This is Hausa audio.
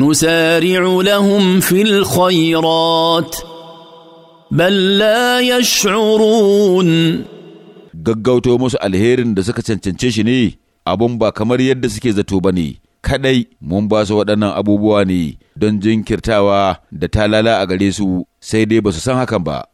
نسارع لهم في الخيرات بل لا يشعرون gaggauto musu alherin da suka cancance shi ne abun ba kamar yadda suke zato ba ne kadai mun ba su waɗannan abubuwa ne don jinkirtawa da talala a gare su sai dai ba su san hakan ba